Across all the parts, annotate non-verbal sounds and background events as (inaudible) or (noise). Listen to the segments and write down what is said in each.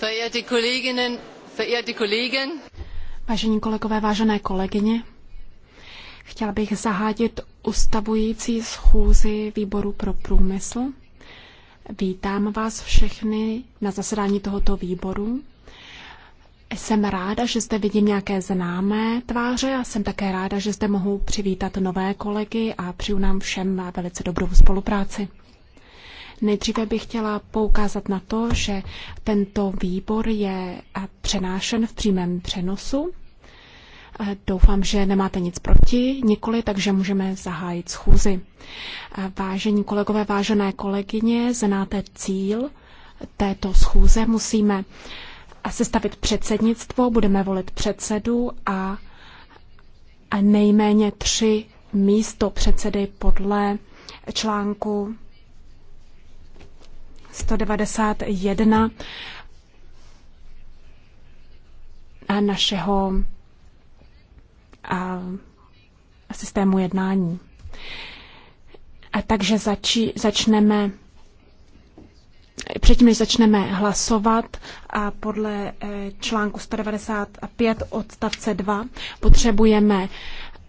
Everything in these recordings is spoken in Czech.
Verehrte Kolleginnen, verehrte Kollegen. Vážení kolegové, vážené kolegyně, chtěla bych zahájit ustavující schůzi výboru pro průmysl. Vítám vás všechny na zasedání tohoto výboru. Jsem ráda, že zde vidím nějaké známé tváře a jsem také ráda, že zde mohu přivítat nové kolegy a přeju nám všem velice dobrou spolupráci. Nejdříve bych chtěla poukázat na to, že tento výbor je eh, přenášen v přímém přenosu. Eh, doufám, že nemáte nic proti, nikoli, takže můžeme zahájit schůzi. Eh, vážení kolegové, vážené kolegyně, znáte cíl této schůze. Musíme sestavit předsednictvo, budeme volit předsedu a nejméně tři místo předsedy podle článku 191 a našeho systému jednání. A takže zači, začneme Předtím, než začneme hlasovat, a podle eh, článku 195 odstavce 2 potřebujeme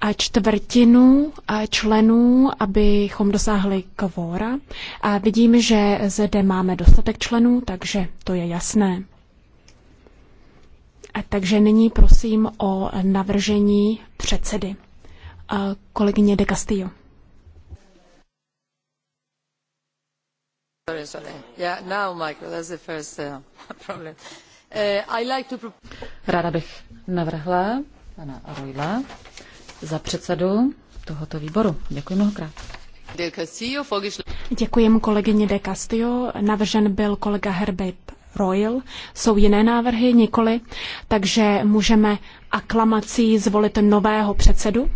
a čtvrtinu členů, abychom dosáhli kvóra. A vidím, že zde máme dostatek členů, takže to je jasné. A takže nyní prosím o navržení předsedy. A kolegyně de Castillo. Sorry, sorry. Yeah, now, Michael, that's the first uh, (laughs) problem. Uh, I like to... Ráda bych navrhla pana Arujla za předsedu tohoto výboru. Děkuji mnohokrát. Děkuji kolegyně De Castillo. Navržen byl kolega Herbert Royal. Jsou jiné návrhy, nikoli, takže můžeme aklamací zvolit nového předsedu.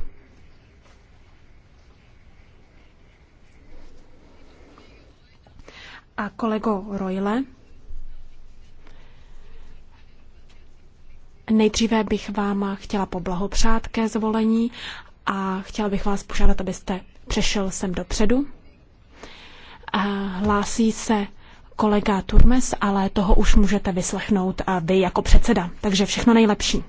A kolego Royle, Nejdříve bych vám chtěla poblahopřát ke zvolení a chtěla bych vás požádat, abyste přešel sem dopředu. Eh, hlásí se kolega Turmes, ale toho už můžete vyslechnout eh, vy jako předseda. Takže všechno nejlepší.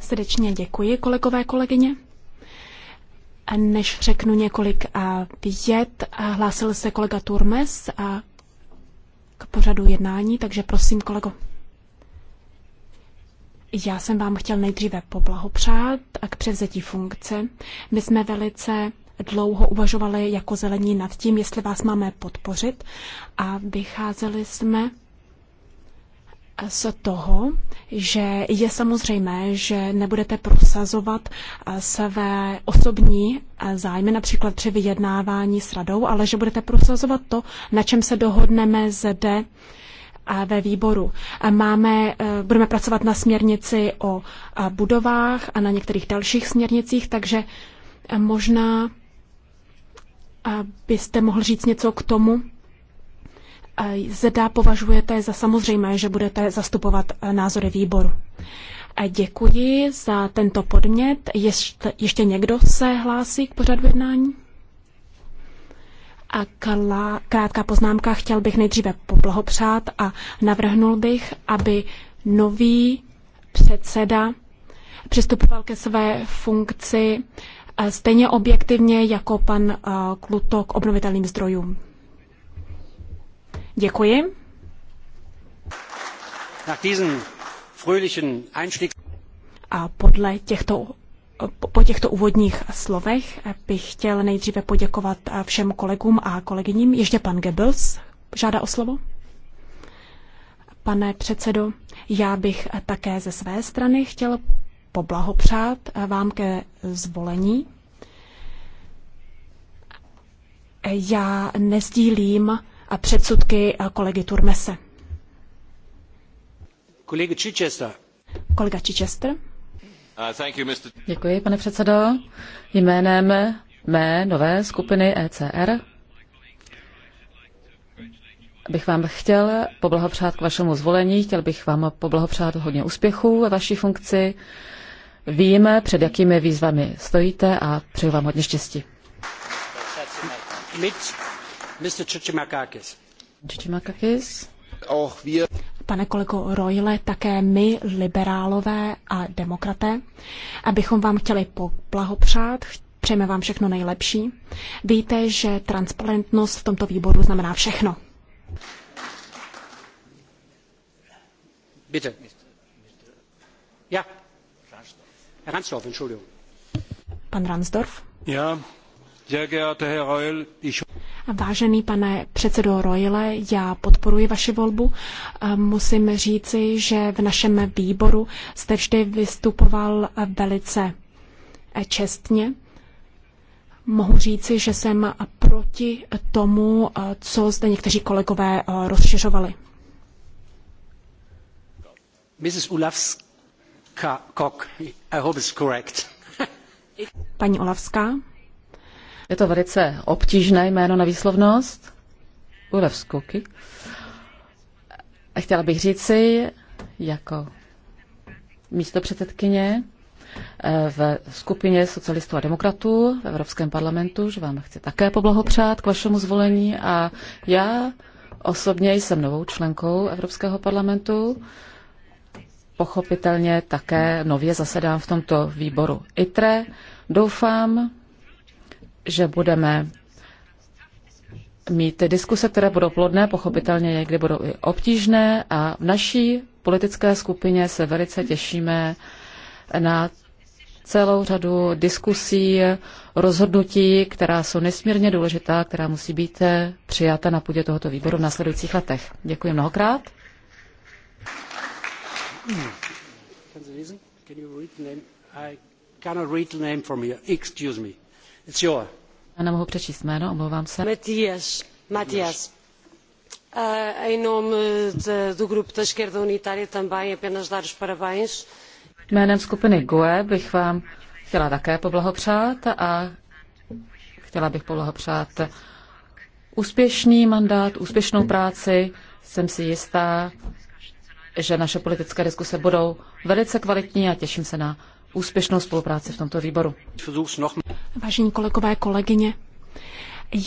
Srdečně děkuji, kolegové, kolegyně. Než řeknu několik vět, hlásil se kolega Turmes a k pořadu jednání, takže prosím, kolego. Já jsem vám chtěl nejdříve poblahopřát a k převzetí funkce. My jsme velice dlouho uvažovali jako zelení nad tím, jestli vás máme podpořit a vycházeli jsme z toho, že je samozřejmé, že nebudete prosazovat eh, své osobní eh, zájmy, například při vyjednávání s radou, ale že budete prosazovat to, na čem se dohodneme zde eh, ve výboru. Máme, budeme pracovat na směrnici o budovách a na některých dalších směrnicích, takže možná byste mohl říct něco k tomu, zda považujete za samozřejmé, že budete zastupovat eh, názory výboru. Děkuji za tento podmět. Ještě, ještě někdo se hlásí k pořadu jednání? A kla, krátká poznámka, chtěl bych nejdříve poblahopřát a navrhnul bych, aby nový předseda přistupoval ke své funkci eh, stejně objektivně jako pan eh, Kluto k obnovitelným zdrojům. Děkuji. A podle těchto, po těchto úvodních slovech bych chtěl nejdříve poděkovat všem kolegům a kolegyním. Ještě pan Goebbels žádá o slovo. Pane předsedo, já bych také ze své strany chtěl poblahopřát vám ke zvolení. Já nezdílím a předsudky kolegy Turmese. Kolega Chichester. Kolega Chichester. Uh, Děkuji, pane předsedo. Jménem mé nové skupiny ECR bych vám chtěl poblahopřát k vašemu zvolení, chtěl bych vám poblahopřát hodně úspěchů ve vaší funkci. Víme, před jakými výzvami stojíte a přeju vám hodně štěstí. Pane kolego Royle, také my, liberálové a demokraté, abychom vám chtěli poblahopřát, přejeme vám všechno nejlepší. Víte, že transparentnost v tomto výboru znamená všechno. Bitte. Ja. Ransdorf, Entschuldigung. Pan Ransdorf. Ja, sehr geehrter Herr Reul, ich... Vážený pane předsedo Royle, já podporuji vaši volbu. Eh, musím říci, že v našem výboru jste vždy vystupoval velice eh, čestně. Mohu říci, že jsem proti tomu, eh, co zde někteří kolegové rozšiřovali. Mrs. Ulavska, I hope it's correct. Paní Olavská. Je to velice obtížné jméno na výslovnost. Ulev A Chtěla bych říci, jako místo předsedkyně eh, v skupině socialistů a demokratů v Evropském parlamentu, že vám chci také poblahopřát k vašemu zvolení a já osobně jsem novou členkou Evropského parlamentu. Pochopitelně také nově zasedám v tomto výboru ITRE. Doufám, že budeme mít diskuse, které budou plodné, pochopitelně někdy budou i obtížné a v naší politické skupině se velice těšíme na celou řadu diskusí, rozhodnutí, která jsou nesmírně důležitá, která musí být přijata na půdě tohoto výboru v následujících letech. Děkuji mnohokrát. Hmm. Can you read name? I cannot read name from here. Excuse me. It's your. Já nemohu přečíst jméno, omlouvám se. Matias. em nome do grupo da esquerda unitária também apenas dar os parabéns. Jménem skupiny GUE bych vám chtěla také poblahopřát a chtěla bych poblahopřát úspěšný mandát, úspěšnou práci. Jsem si jistá, že naše politické diskuse budou velice kvalitní a těším se na úspěšnou spolupráci v tomto výboru. Vážení kolegové, kolegyně,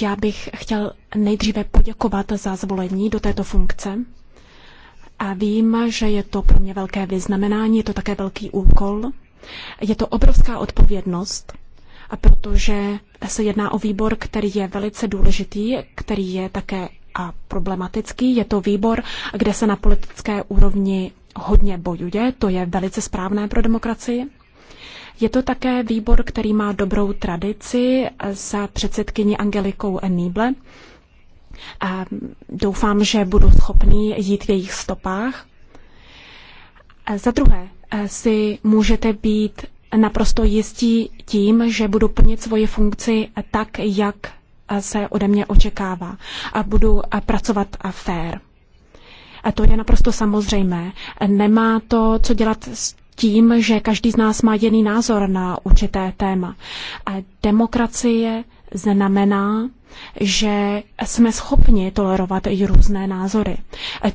já bych chtěl nejdříve poděkovat za zvolení do této funkce. A vím, že je to pro mě velké vyznamenání, je to také velký úkol. Je to obrovská odpovědnost, a protože se jedná o výbor, který je velice důležitý, který je také a problematický. Je to výbor, kde se na politické úrovni hodně bojuje, to je velice správné pro demokracii. Je to také výbor, který má dobrou tradici za předsedkyni Angelikou Nýble. A doufám, že budu schopný jít v jejich stopách. A za druhé, si můžete být naprosto jistí tím, že budu plnit svoji funkci tak, jak se ode mě očekává a budu pracovat a fair. A to je naprosto samozřejmé. Nemá to co dělat s tím, že každý z nás má jiný názor na určité téma. Demokracie znamená, že jsme schopni tolerovat i různé názory.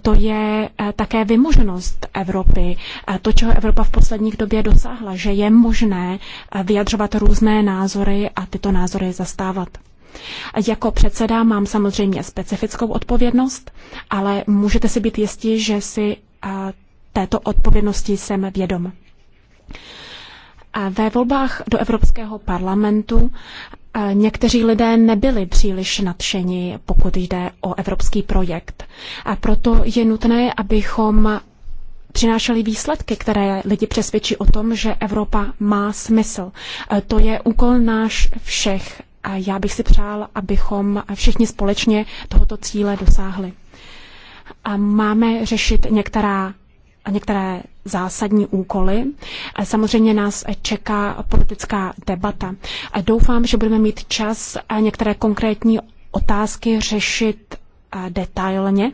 To je eh, také vymoženost Evropy, to, čeho Evropa v posledních době dosáhla, že je možné eh, vyjadřovat různé názory a tyto názory zastávat. Jako předseda mám samozřejmě specifickou odpovědnost, ale můžete si být jistí, že si eh, této odpovědnosti jsem vědom. ve volbách do Evropského parlamentu někteří lidé nebyli příliš nadšeni, pokud jde o evropský projekt. A proto je nutné, abychom přinášeli výsledky, které lidi přesvědčí o tom, že Evropa má smysl. To je úkol náš všech a já bych si přál, abychom všichni společně tohoto cíle dosáhli. A máme řešit některá a některé zásadní úkoly. Samozřejmě nás čeká politická debata. Doufám, že budeme mít čas některé konkrétní otázky řešit eh, detailně.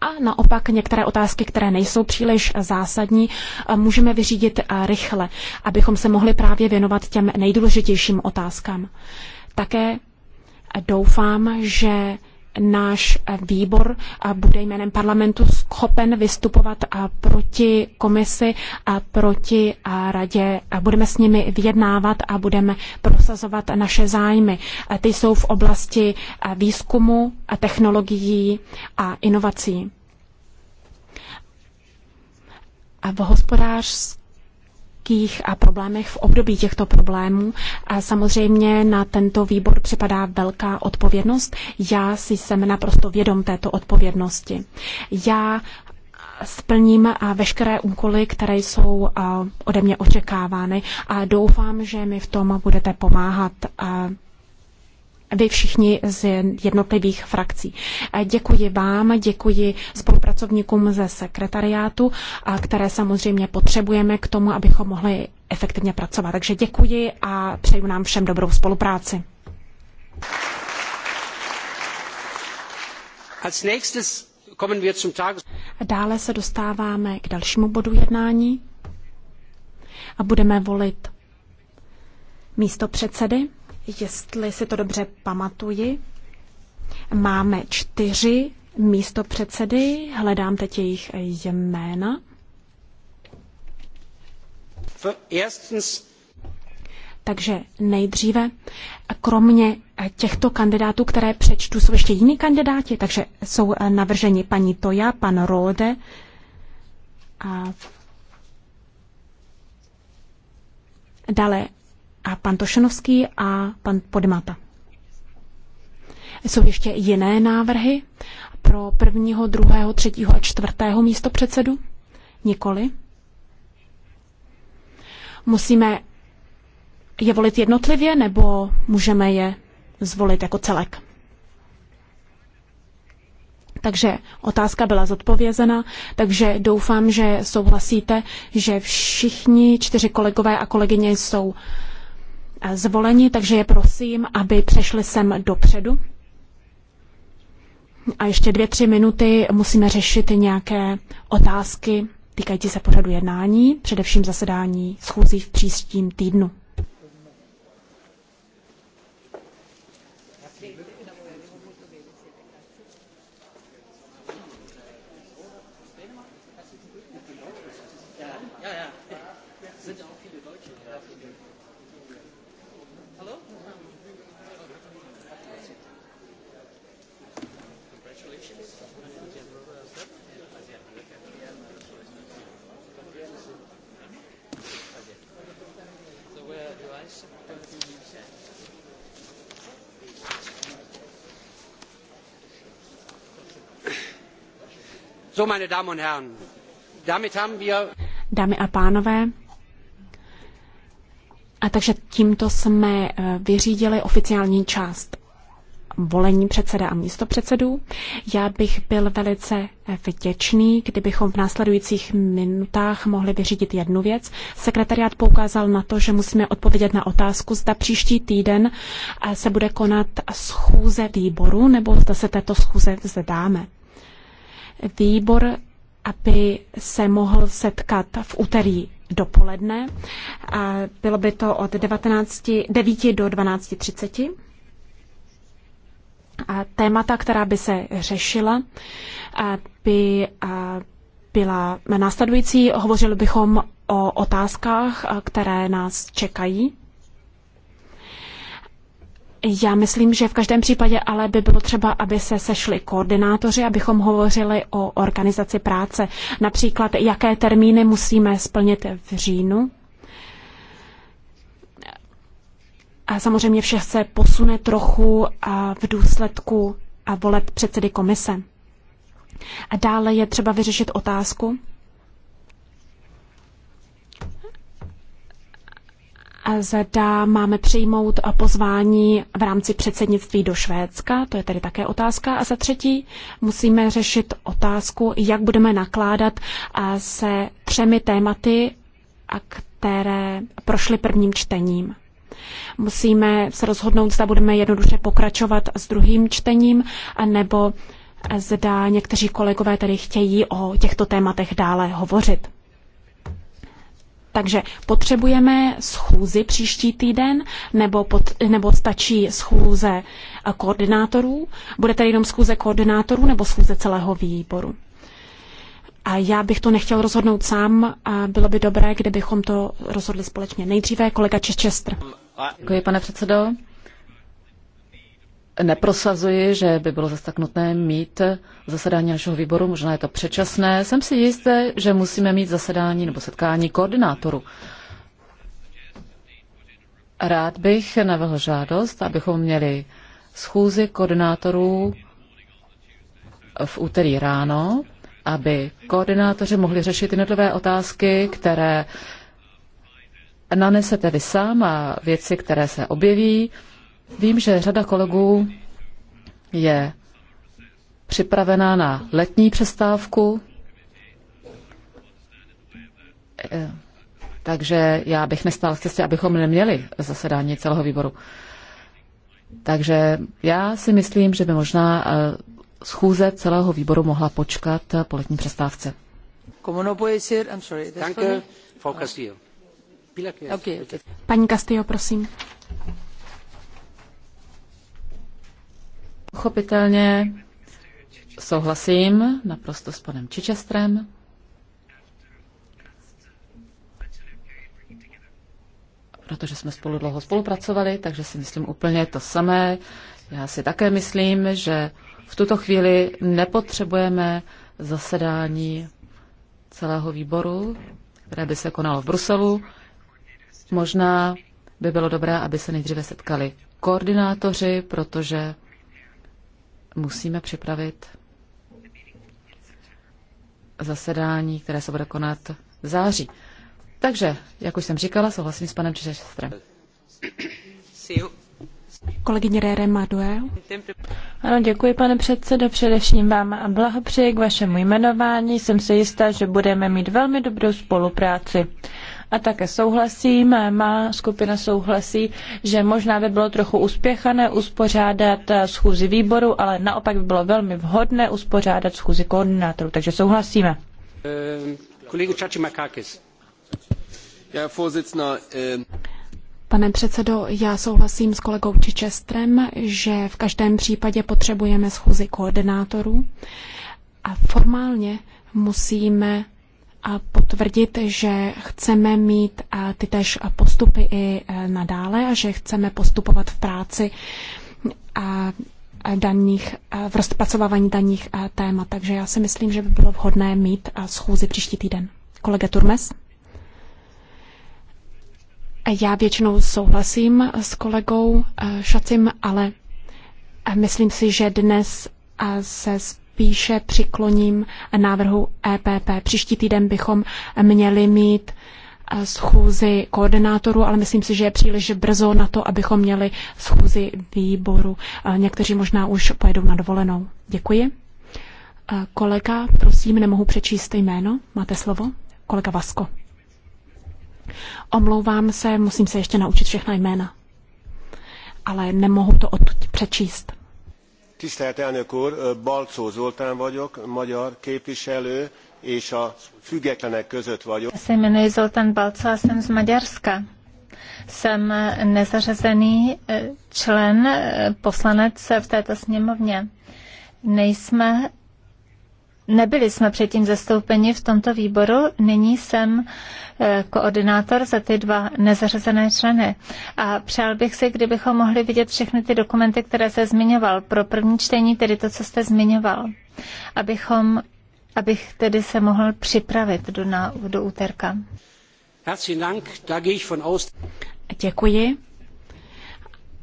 A naopak některé otázky, které nejsou příliš zásadní, eh, můžeme vyřídit eh, rychle, abychom se mohli právě věnovat těm nejdůležitějším otázkám. Také doufám, že náš výbor bude jménem parlamentu schopen vystupovat proti komisi a proti radě. Budeme s nimi vyjednávat a budeme prosazovat naše zájmy. Ty jsou v oblasti výzkumu, technologií a inovací. v hospodářské velkých problémech, v období těchto problémů. A samozřejmě na tento výbor připadá velká odpovědnost. Já si jsem naprosto vědom této odpovědnosti. Já splním a veškeré úkoly, které jsou ode mě očekávány a doufám, že mi v tom budete pomáhat vy všichni z jednotlivých frakcí. Eh, děkuji vám, děkuji spolupracovníkům ze sekretariátu, eh, které samozřejmě potřebujeme k tomu, abychom mohli efektivně pracovat. Takže děkuji a přeju nám všem dobrou spolupráci. Dále se dostáváme k dalšímu bodu jednání a budeme volit místo předsedy. Jestli si to dobře pamatuji, máme čtyři místo předsedy, hledám teď jejich jména. Takže nejdříve, kromě těchto kandidátů, které přečtu, jsou ještě jiní kandidáti, takže jsou navrženi paní Toja, pan Rode, a dále a pan Tošenovský a pan Podmata. Jsou ještě jiné návrhy pro prvního, druhého, třetího a čtvrtého místo předsedu? Nikoli. Musíme je volit jednotlivě nebo můžeme je zvolit jako celek? Takže otázka byla zodpovězena, takže doufám, že souhlasíte, že všichni čtyři kolegové a kolegyně jsou Eh, zvoleni, takže je prosím, aby přešli sem dopředu. A ještě dvě, tři minuty musíme řešit nějaké otázky týkající se pořadu jednání, především zasedání schůzí v příštím týdnu. Dámy a pánové, a takže tímto jsme eh, vyřídili oficiální část volení předseda a místo Já bych byl velice vděčný, kdybychom v následujících minutách mohli vyřídit jednu věc. Sekretariát poukázal na to, že musíme odpovědět na otázku, zda příští týden eh, se bude konat schůze výboru, nebo zda se této schůze vzdáme. Výbor aby se mohl setkat v úterý dopoledne. Bylo by to od 19, 9 do 12.30 témata, která by se řešila, by byla následující. Hovořili bychom o otázkách, které nás čekají. Já myslím, že v každém případě ale by bylo třeba, aby se sešli koordinátoři, abychom hovořili o organizaci práce. Například, jaké termíny musíme splnit v říjnu A samozřejmě vše se posune trochu a v důsledku a voleb předsedy komise. A dále je třeba vyřešit otázku, zda máme přijmout pozvání v rámci předsednictví do Švédska, to je tedy také otázka. A za třetí musíme řešit otázku, jak budeme nakládat se třemi tématy, které prošly prvním čtením. Musíme se rozhodnout, zda budeme jednoduše pokračovat s druhým čtením, nebo zda někteří kolegové tady chtějí o těchto tématech dále hovořit. Takže potřebujeme schůzi příští týden, nebo, pod, nebo stačí schůze koordinátorů? Bude tady jenom schůze koordinátorů nebo schůze celého výboru? A já bych to nechtěl rozhodnout sám a bylo by dobré, kdybychom to rozhodli společně. Nejdříve kolega Čečestr. Děkuji, pane předsedo. Neprosazuji, že by bylo zase tak nutné mít zasedání našeho výboru, možná je to předčasné. Jsem si jisté, že musíme mít zasedání nebo setkání koordinátoru. Rád bych navrhl žádost, abychom měli schůzi koordinátorů v úterý ráno, aby koordinátoři mohli řešit jednotlivé otázky, které nanesete vy sám a věci, které se objeví. Vím, že řada kolegů je připravená na letní přestávku, takže já bych nestál v cestě, abychom neměli zasedání celého výboru. Takže já si myslím, že by možná eh, schůze celého výboru mohla počkat po letní přestávce. No Paní Castillo, prosím. Pochopitelně souhlasím naprosto s panem Čičestrem. protože jsme spolu dlouho spolupracovali, takže si myslím úplně to samé. Já si také myslím, že v tuto chvíli nepotřebujeme zasedání celého výboru, které by se konalo v Bruselu. Možná by bylo dobré, aby se nejdříve setkali koordinátoři, protože musíme připravit zasedání, které se bude konat v září. Takže, jak už jsem říkala, souhlasím s panem Češestrem. Kolegyně Rere Maduel. Ano, děkuji, pane předsedo. Především vám a blahopřeji k vašemu jmenování. Jsem si jistá, že budeme mít velmi dobrou spolupráci. A také souhlasím, má skupina souhlasí, že možná by bylo trochu uspěchané uspořádat schůzi výboru, ale naopak by bylo velmi vhodné uspořádat schůzi koordinátorů. Takže souhlasíme. Eh, kolegu Čačimakakis. Já, pane předsedo. Já souhlasím s kolegou Čičestrem, že v každém případě potřebujeme schůzi koordinátorů a formálně musíme a potvrdit, že chceme mít ty tež postupy i e, nadále a že chceme postupovat v práci a daních, v rozpracovávání daních témat. Takže já si myslím, že by bylo vhodné mít schůzi příští týden. Kolega Turmes? Já většinou souhlasím eh, s kolegou eh, Šacim, ale eh, myslím si, že dnes se spíše přikloním návrhu EPP. Příští týden bychom měli mít schůzi koordinátorů, ale myslím si, že je příliš brzo na to, abychom měli schůzi výboru. Někteří možná už pojedou na dovolenou. Děkuji. Kolega, prosím, nemohu přečíst jméno. Máte slovo? Kolega Vasko. Omlouvám se, musím se ještě naučit všechna jména. Ale nemohu to odtud přečíst. Tisztelt elnök úr, Balcó Zoltán vagyok, magyar képviselő, és a függetlenek között vagyok. Já se jmenuji Zoltán Balcó a jsem z Maďarska. Jsem nezařazený eh, člen, eh, poslanec v této sněmovně. Nejsme Nebyli jsme předtím zastoupeni v tomto výboru, nyní jsem eh, koordinátor za ty dva nezařazené členy. A přál bych si, kdybychom mohli vidět všechny ty dokumenty, které se zmiňoval pro první čtení, tedy to, co jste zmiňoval, abychom, abych tedy se mohl připravit do, na, do úterka. Děkuji.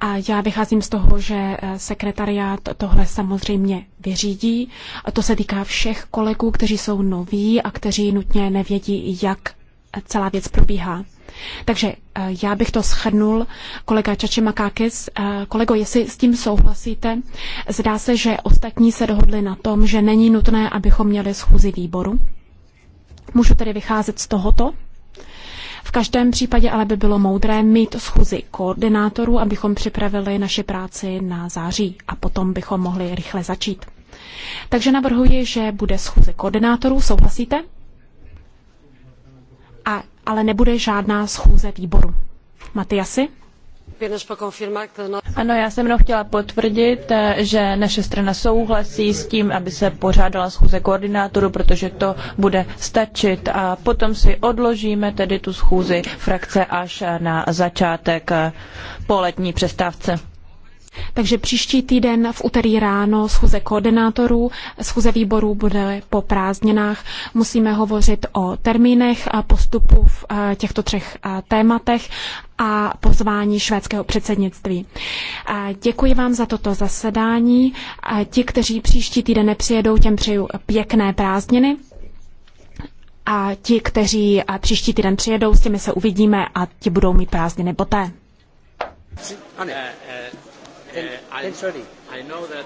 A já vycházím z toho, že eh, sekretariát tohle samozřejmě vyřídí. A to se týká všech kolegů, kteří jsou noví a kteří nutně nevědí, jak eh, celá věc probíhá. Takže eh, já bych to shrnul, kolega Čače Makákis. Kolego, jestli s tím souhlasíte, zdá se, že ostatní se dohodli na tom, že není nutné, abychom měli schůzi výboru. Můžu tedy vycházet z tohoto? V každém případě ale by bylo moudré mít schůzi koordinátorů, abychom připravili naši práci na září a potom bychom mohli rychle začít. Takže navrhuji, že bude schůze koordinátorů, souhlasíte? A, ale nebude žádná schůze výboru. Matyasi? Ano, já jsem jenom chtěla potvrdit, eh, že naše strana souhlasí s tím, aby se pořádala schůze koordinátoru, protože to bude stačit a potom si odložíme tedy tu schůzi frakce až na začátek eh, polední přestávce. Takže příští týden v úterý ráno schůze koordinátorů, schůze výborů bude po prázdninách. Musíme hovořit o termínech a postupu v eh, těchto třech eh, tématech a pozvání švédského předsednictví. Eh, děkuji vám za toto zasedání. Ti, kteří příští týden nepřijedou, těm přeju pěkné prázdniny. A ti, kteří příští týden přijedou, s těmi se uvidíme a ti budou mít prázdniny poté. Ano uh, I, sorry. I know that